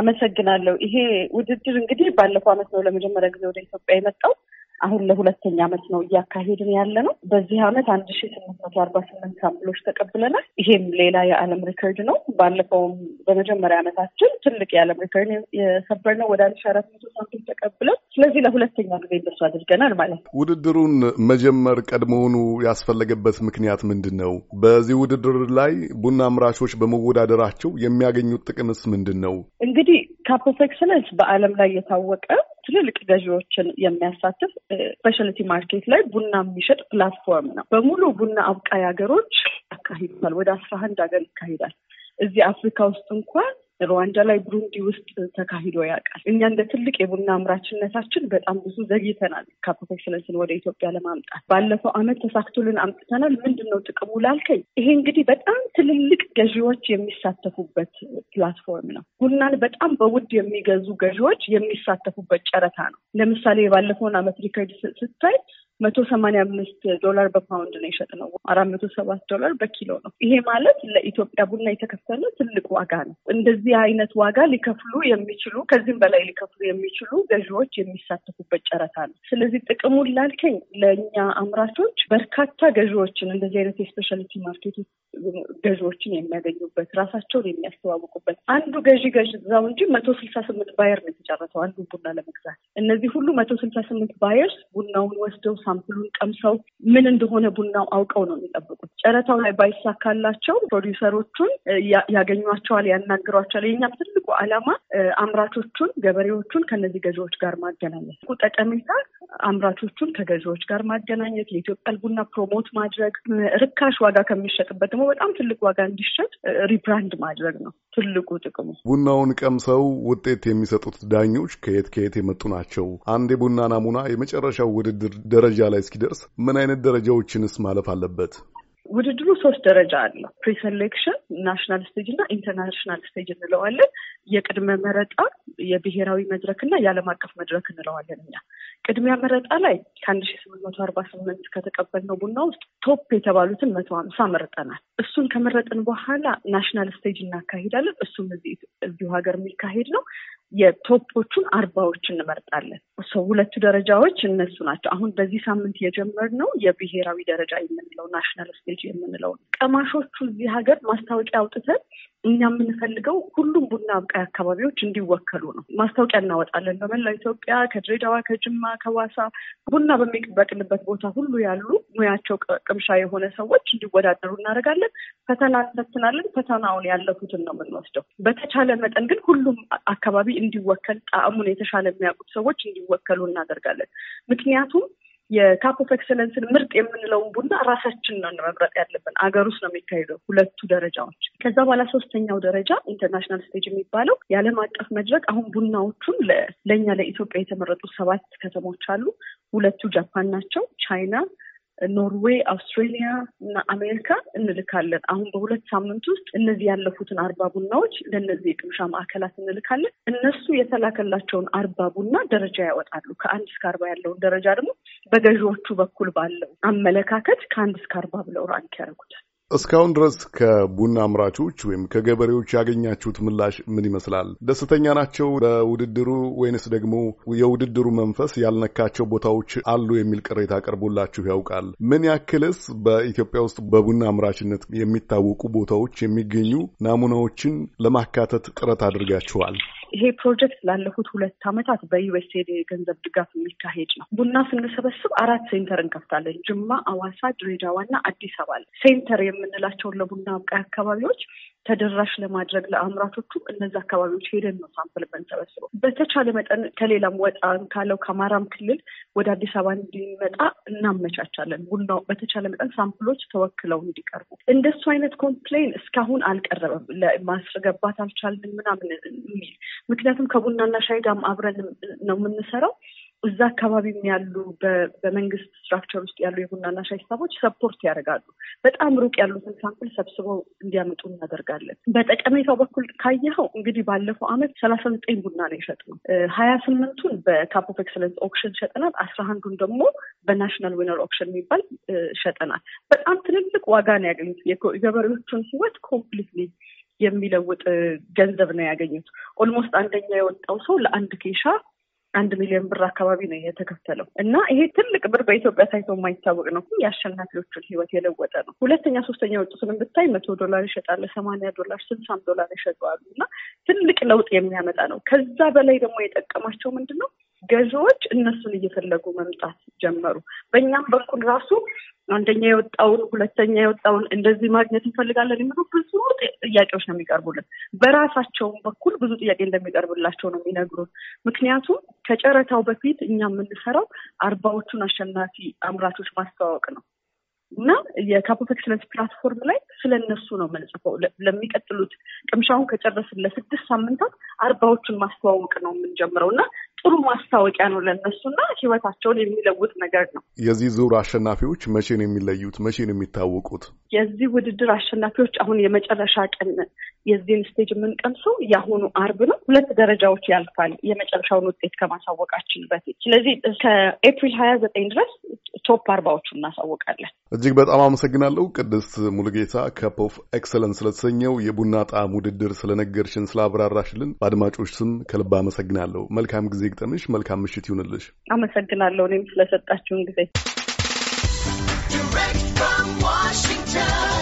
አመሰግናለሁ። ይሄ ውድድር እንግዲህ ባለፈው አመት ነው ለመጀመሪያ ጊዜ ወደ ኢትዮጵያ የመጣው። አሁን ለሁለተኛ ዓመት ነው እያካሄድን ያለ ነው። በዚህ አመት አንድ ሺ ስምንት መቶ አርባ ስምንት ሳምፕሎች ተቀብለናል። ይሄም ሌላ የዓለም ሪከርድ ነው። ባለፈውም በመጀመሪያ ዓመታችን ትልቅ የዓለም ሪከርድ የሰበር ነው። ወደ አንድ ሺ አራት መቶ ሳምፕል ተቀብለን ስለዚህ ለሁለተኛ ጊዜ እንደሱ አድርገናል ማለት ነው። ውድድሩን መጀመር ቀድሞውኑ ያስፈለገበት ምክንያት ምንድን ነው? በዚህ ውድድር ላይ ቡና አምራቾች በመወዳደራቸው የሚያገኙት ጥቅምስ ምንድን ነው? እንግዲህ ካፕ ኦፍ ኤክሰለንስ በዓለም ላይ የታወቀ ትልልቅ ገዢዎችን የሚያሳትፍ ስፔሻሊቲ ማርኬት ላይ ቡና የሚሸጥ ፕላትፎርም ነው። በሙሉ ቡና አብቃይ ሀገሮች ያካሂዱታል። ወደ አስራ አንድ ሀገር ይካሄዳል። እዚህ አፍሪካ ውስጥ እንኳን ሩዋንዳ ላይ፣ ብሩንዲ ውስጥ ተካሂዶ ያውቃል። እኛ እንደ ትልቅ የቡና አምራችነታችን በጣም ብዙ ዘግይተናል። ካፕ ኤክሰለንስን ወደ ኢትዮጵያ ለማምጣት ባለፈው አመት ተሳክቶልን አምጥተናል። ምንድን ነው ጥቅሙ ላልከኝ፣ ይሄ እንግዲህ በጣም ትልልቅ ገዢዎች የሚሳተፉበት ፕላትፎርም ነው። ቡናን በጣም በውድ የሚገዙ ገዢዎች የሚሳተፉበት ጨረታ ነው። ለምሳሌ የባለፈውን አመት ሪከርድ ስታይ መቶ ሰማኒያ አምስት ዶላር በፓውንድ ነው ነው። አራት መቶ ሰባት ዶላር በኪሎ ነው። ይሄ ማለት ለኢትዮጵያ ቡና የተከፈለ ትልቅ ዋጋ ነው። እንደዚህ አይነት ዋጋ ሊከፍሉ የሚችሉ ከዚህም በላይ ሊከፍሉ የሚችሉ ገዢዎች የሚሳተፉበት ጨረታ ነው። ስለዚህ ጥቅሙን ላልከኝ ለእኛ አምራቾች በርካታ ገዢዎችን እንደዚህ አይነት የስፔሻሊቲ ማርኬት ገዢዎችን የሚያገኙበት ራሳቸውን የሚያስተዋውቁበት አንዱ ገዢ ገዛው እንጂ መቶ ስልሳ ስምንት ባየር ነው የተጨረተው አንዱ ቡና ለመግዛት እነዚህ ሁሉ መቶ ስልሳ ስምንት ባየርስ ቡናውን ወስደው ሳምፕሉን ቀምሰው ምን እንደሆነ ቡናው አውቀው ነው የሚጠብቁት። ጨረታው ላይ ባይሳካላቸው ፕሮዲውሰሮቹን ያገኟቸዋል፣ ያናግሯቸዋል። የኛም ትልቁ ዓላማ አምራቾቹን፣ ገበሬዎቹን ከነዚህ ገዢዎች ጋር ማገናኘት ጠቀሜታ አምራቾቹን ከገዢዎች ጋር ማገናኘት፣ የኢትዮጵያ ቡና ፕሮሞት ማድረግ፣ ርካሽ ዋጋ ከሚሸጥበት ደግሞ በጣም ትልቅ ዋጋ እንዲሸጥ ሪብራንድ ማድረግ ነው ትልቁ ጥቅሙ። ቡናውን ቀምሰው ውጤት የሚሰጡት ዳኞች ከየት ከየት የመጡ ናቸው? አንድ የቡና ናሙና የመጨረሻው ውድድር ደረጃ ላይ እስኪደርስ ምን አይነት ደረጃዎችንስ ማለፍ አለበት? ውድድሩ ሶስት ደረጃ አለው። ፕሪሴሌክሽን፣ ናሽናል ስቴጅ እና ኢንተርናሽናል ስቴጅ እንለዋለን። የቅድመ መረጣ፣ የብሔራዊ መድረክ እና የዓለም አቀፍ መድረክ እንለዋለን እኛ። ቅድሚያ መረጣ ላይ ከአንድ ሺ ስምንት መቶ አርባ ስምንት ከተቀበልነው ቡና ውስጥ ቶፕ የተባሉትን መቶ ሀምሳ መርጠናል። እሱን ከመረጥን በኋላ ናሽናል ስቴጅ እናካሄዳለን። እሱም እዚሁ ሀገር የሚካሄድ ነው። የቶፖቹን አርባዎች እንመርጣለን። ሰው ሁለቱ ደረጃዎች እነሱ ናቸው። አሁን በዚህ ሳምንት የጀመርነው የብሔራዊ ደረጃ የምንለው ናሽናል ስቴጅ የምንለው ቀማሾቹ እዚህ ሀገር ማስታወቂያ አውጥተን እኛ የምንፈልገው ሁሉም ቡና አብቃይ አካባቢዎች እንዲወከሉ ነው። ማስታወቂያ እናወጣለን በመላው ኢትዮጵያ፣ ከድሬዳዋ፣ ከጅማ፣ ከዋሳ ቡና በሚበቅልበት ቦታ ሁሉ ያሉ ሙያቸው ቅምሻ የሆነ ሰዎች እንዲወዳደሩ እናደርጋለን። ፈተና እንፈትናለን። ፈተናውን ያለፉትን ነው የምንወስደው። በተቻለ መጠን ግን ሁሉም አካባቢ እንዲወከል ጣዕሙን የተሻለ የሚያውቁት ሰዎች እንዲወከሉ እናደርጋለን። ምክንያቱም የካፕ ኦፍ ኤክሰለንስን ምርጥ የምንለውን ቡና ራሳችን ነው መምረጥ ያለብን። አገር ውስጥ ነው የሚካሄደው ሁለቱ ደረጃዎች። ከዛ በኋላ ሶስተኛው ደረጃ ኢንተርናሽናል ስቴጅ የሚባለው የዓለም አቀፍ መድረክ። አሁን ቡናዎቹን ለእኛ ለኢትዮጵያ የተመረጡ ሰባት ከተሞች አሉ። ሁለቱ ጃፓን ናቸው፣ ቻይና ኖርዌይ፣ አውስትሬሊያ እና አሜሪካ እንልካለን። አሁን በሁለት ሳምንት ውስጥ እነዚህ ያለፉትን አርባ ቡናዎች ለእነዚህ የቅምሻ ማዕከላት እንልካለን። እነሱ የተላከላቸውን አርባ ቡና ደረጃ ያወጣሉ። ከአንድ እስከ አርባ ያለውን ደረጃ ደግሞ በገዢዎቹ በኩል ባለው አመለካከት ከአንድ እስከ አርባ ብለው ራንክ ያደረጉታል። እስካሁን ድረስ ከቡና አምራቾች ወይም ከገበሬዎች ያገኛችሁት ምላሽ ምን ይመስላል? ደስተኛ ናቸው በውድድሩ ወይንስ ደግሞ የውድድሩ መንፈስ ያልነካቸው ቦታዎች አሉ የሚል ቅሬታ ቀርቦላችሁ ያውቃል? ምን ያክልስ በኢትዮጵያ ውስጥ በቡና አምራችነት የሚታወቁ ቦታዎች የሚገኙ ናሙናዎችን ለማካተት ጥረት አድርጋችኋል? ይሄ ፕሮጀክት ላለፉት ሁለት ዓመታት በዩኤስኤድ የገንዘብ ድጋፍ የሚካሄድ ነው። ቡና ስንሰበስብ አራት ሴንተር እንከፍታለን። ጅማ፣ አዋሳ፣ ድሬዳዋና አዲስ አበባ ሴንተር የምንላቸውን ለቡና አብቃይ አካባቢዎች ተደራሽ ለማድረግ ለአምራቾቹ እነዚ አካባቢዎች ሄደን ነው ሳምፕል የምንሰበስበው። በተቻለ መጠን ከሌላም ወጣ ካለው ከአማራም ክልል ወደ አዲስ አበባ እንዲመጣ እናመቻቻለን። ቡናው በተቻለ መጠን ሳምፕሎች ተወክለው እንዲቀርቡ። እንደሱ አይነት ኮምፕሌን እስካሁን አልቀረበም፣ ለማስገባት አልቻልንም ምናምን የሚል ምክንያቱም ከቡናና ሻይ ጋርም አብረን ነው የምንሰራው እዛ አካባቢም ያሉ በመንግስት ስትራክቸር ውስጥ ያሉ የቡናና ሻይ ሂሳቦች ሰፖርት ያደርጋሉ። በጣም ሩቅ ያሉትን ሳምፕል ሰብስበው እንዲያመጡ እናደርጋለን። በጠቀሜታው በኩል ካየኸው እንግዲህ ባለፈው ዓመት ሰላሳ ዘጠኝ ቡና ነው የሸጥነው። ሀያ ስምንቱን በካፕ ኦፍ ኤክሰለንስ ኦክሽን ሸጠናል። አስራ አንዱን ደግሞ በናሽናል ዊነር ኦክሽን የሚባል ሸጠናል። በጣም ትልልቅ ዋጋ ነው ያገኙት። የገበሬዎቹን ህይወት ኮምፕሊትሊ የሚለውጥ ገንዘብ ነው ያገኙት። ኦልሞስት አንደኛ የወጣው ሰው ለአንድ ኬሻ አንድ ሚሊዮን ብር አካባቢ ነው የተከፈለው እና ይሄ ትልቅ ብር በኢትዮጵያ ታይቶ የማይታወቅ ነው። የአሸናፊዎቹን ህይወት የለወጠ ነው። ሁለተኛ ሶስተኛ ውጡትን ብታይ መቶ ዶላር ይሸጣል፣ ሰማንያ ዶላር ስልሳም ዶላር ይሸጠዋሉ እና ትልቅ ለውጥ የሚያመጣ ነው። ከዛ በላይ ደግሞ የጠቀማቸው ምንድን ነው ገዢዎች እነሱን እየፈለጉ መምጣት ጀመሩ። በእኛም በኩል ራሱ አንደኛ የወጣውን ሁለተኛ የወጣውን እንደዚህ ማግኘት እንፈልጋለን የሚሉ ብዙ ጥያቄዎች ነው የሚቀርቡልን። በራሳቸውም በኩል ብዙ ጥያቄ እንደሚቀርብላቸው ነው የሚነግሩት። ምክንያቱም ከጨረታው በፊት እኛ የምንሰራው አርባዎቹን አሸናፊ አምራቾች ማስተዋወቅ ነው እና የካፕ ኦፍ ፕላትፎርም ላይ ስለ እነሱ ነው የምንጽፈው። ለሚቀጥሉት ቅምሻውን ከጨረስን ለስድስት ሳምንታት አርባዎቹን ማስተዋወቅ ነው የምንጀምረው እና ጥሩ ማስታወቂያ ነው ለእነሱና ህይወታቸውን የሚለውጥ ነገር ነው። የዚህ ዙር አሸናፊዎች መቼን የሚለዩት? መቼን የሚታወቁት? የዚህ ውድድር አሸናፊዎች አሁን የመጨረሻ ቀን የዚህን ስቴጅ የምንቀምሰው የአሁኑ አርብ ነው። ሁለት ደረጃዎች ያልፋል የመጨረሻውን ውጤት ከማሳወቃችን በፊት። ስለዚህ ከኤፕሪል ሀያ ዘጠኝ ድረስ ቶፕ አርባዎቹ እናሳወቃለን። እጅግ በጣም አመሰግናለሁ ቅድስት ሙሉጌታ ካፕ ኦፍ ኤክሰለንስ ስለተሰኘው የቡና ጣዕም ውድድር ስለነገርሽን፣ ስላብራራሽልን በአድማጮች ስም ከልብ አመሰግናለሁ። መልካም ጊዜ ግጠምሽ። መልካም ምሽት ይሁንልሽ። አመሰግናለሁ እኔም ስለሰጣችሁን ጊዜ 心跳。